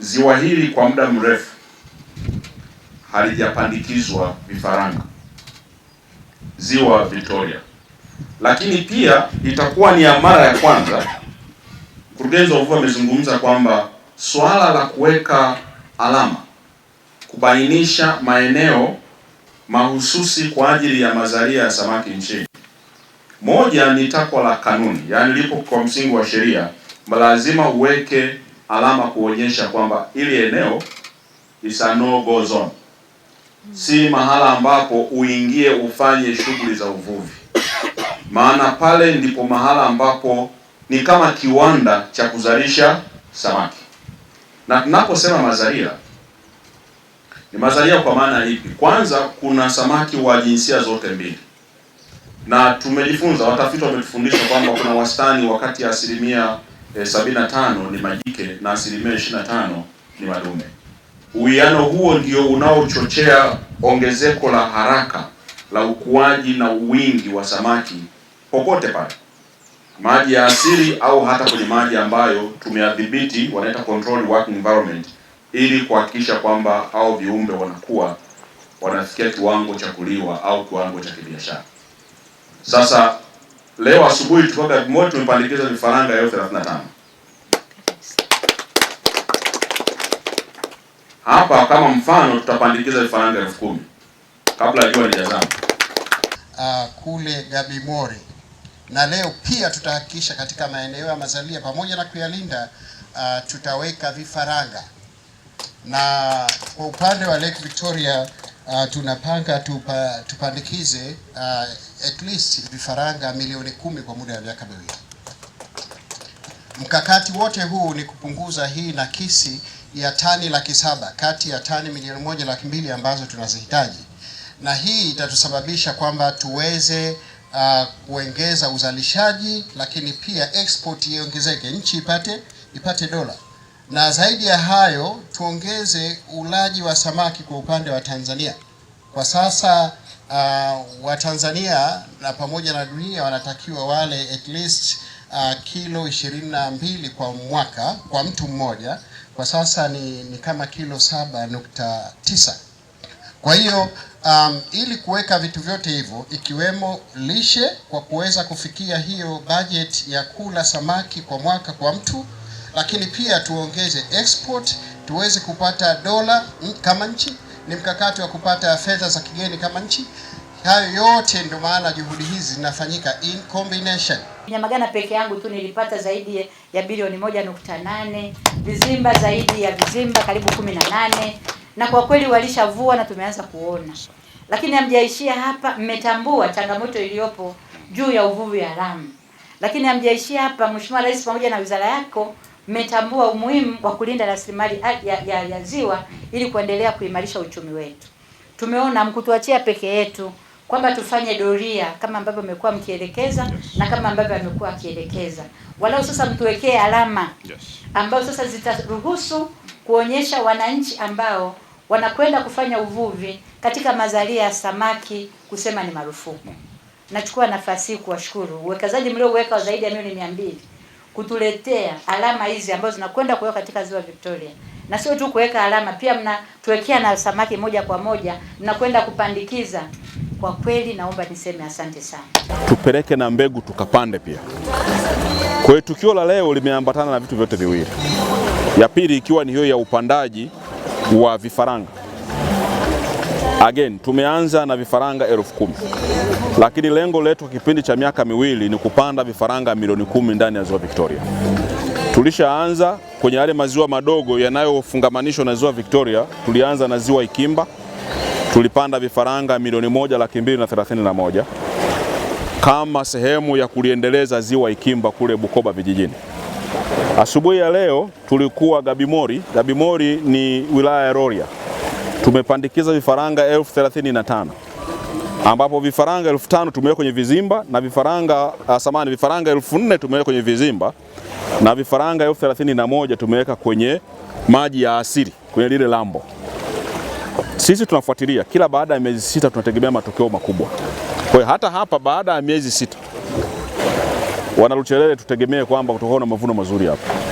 ziwa hili kwa muda mrefu halijapandikizwa vifaranga, ziwa Victoria. Lakini pia itakuwa ni ya mara ya kwanza. Mkurugenzi wa uvuvi amezungumza kwamba swala la kuweka alama, kubainisha maeneo mahususi kwa ajili ya mazalia ya samaki nchini, moja ni takwa la kanuni, yaani lipo kwa msingi wa sheria, lazima uweke alama kuonyesha kwamba ili eneo is a no go zone, si mahala ambapo uingie ufanye shughuli za uvuvi, maana pale ndipo mahala ambapo ni kama kiwanda cha kuzalisha samaki. Na tunaposema mazalia ni mazalia kwa maana ipi? Kwanza kuna samaki wa jinsia zote mbili, na tumejifunza, watafiti wametufundisha kwamba kuna wastani wakati ya asilimia eh, 75 ni majike na asilimia 25 ni madume. Uwiano huo ndio unaochochea ongezeko la haraka la ukuaji na wingi wa samaki popote pale, maji ya asili au hata kwenye maji ambayo tumeyadhibiti, wanaita controlled working environment, ili kuhakikisha kwamba hao viumbe wanakuwa wanafikia kiwango cha kuliwa au kiwango cha kibiashara. Sasa Leo asubuhi tukoka Bagamoyo tumepandikiza vifaranga elfu thelathini na tano hapa. Kama mfano tutapandikiza vifaranga elfu kumi kabla jua lijazama ah, kule Gabimore, na leo pia tutahakikisha katika maeneo ya mazalia pamoja na kuyalinda uh, tutaweka vifaranga na kwa upande wa Lake Victoria uh, tunapanga tupa, tupandikize uh, at least vifaranga milioni kumi kwa muda wa miaka miwili. Mkakati wote huu ni kupunguza hii nakisi ya tani laki saba kati ya tani milioni moja laki mbili ambazo tunazihitaji, na hii itatusababisha kwamba tuweze uh, kuongeza uzalishaji, lakini pia export iongezeke, nchi ipate ipate dola na zaidi ya hayo tuongeze ulaji wa samaki kwa upande wa Tanzania. Kwa sasa uh, Watanzania na pamoja na dunia wanatakiwa wale at least uh, kilo 22 mbili kwa mwaka kwa mtu mmoja. Kwa sasa ni, ni kama kilo 7.9. Kwa hiyo um, ili kuweka vitu vyote hivyo ikiwemo lishe kwa kuweza kufikia hiyo budget ya kula samaki kwa mwaka kwa mtu lakini pia tuongeze export tuweze kupata dola kama nchi, ni mkakati wa kupata fedha za kigeni kama nchi. Hayo yote ndio maana juhudi hizi zinafanyika in combination. Nyamagana peke yangu tu nilipata zaidi ya bilioni moja nukta nane vizimba zaidi ya vizimba karibu kumi na nane na kwa kweli walishavua na tumeanza kuona, lakini hamjaishia hapa. Mmetambua changamoto iliyopo juu ya uvuvi haramu, lakini hamjaishia hapa. Mheshimiwa Rais pamoja na wizara yako mmetambua umuhimu wa kulinda rasilimali ya, ya, ya ya ziwa ili kuendelea kuimarisha uchumi wetu. Tumeona mkutuachia peke yetu kwamba tufanye doria kama ambavyo amekuwa mkielekeza yes. na kama ambavyo amekuwa akielekeza, walau sasa mtuwekee alama yes. ambayo sasa zitaruhusu kuonyesha wananchi ambao wanakwenda kufanya uvuvi katika mazalia ya samaki kusema ni marufuku. Nachukua nafasi hii kuwashukuru uwekezaji mliouweka zaidi ya milioni mia mbili kutuletea alama hizi ambazo zinakwenda kuwekwa katika ziwa Victoria, na sio tu kuweka alama, pia mnatuwekea na samaki moja kwa moja mnakwenda kupandikiza. Kwa kweli naomba niseme asante sana. Tupeleke na mbegu tukapande pia. Kwa hiyo tukio la leo limeambatana na vitu vyote viwili, ya pili ikiwa ni hiyo ya upandaji wa vifaranga. Again, tumeanza na vifaranga elfu kumi lakini lengo letu kipindi cha miaka miwili ni kupanda vifaranga milioni kumi ndani ya ziwa Victoria. Tulishaanza kwenye yale maziwa madogo yanayofungamanishwa na ziwa Victoria. Tulianza na ziwa Ikimba, tulipanda vifaranga milioni moja laki mbili na thelathini na moja kama sehemu ya kuliendeleza ziwa Ikimba kule Bukoba vijijini. Asubuhi ya leo tulikuwa Gabimori. Gabimori ni wilaya ya Rorya tumepandikiza vifaranga elfu thelathini na tano ambapo vifaranga elfu tano tumeweka kwenye vizimba na vifaranga ah, samani, vifaranga elfu nne tumeweka kwenye vizimba na vifaranga elfu thelathini na moja tumeweka kwenye maji ya asili kwenye lile lambo. Sisi tunafuatilia kila baada ya miezi sita, tunategemea matokeo makubwa. Kwa hiyo hata hapa baada ya miezi sita, wanaluchelele tutegemee kwamba kutakuwa na mavuno mazuri hapa.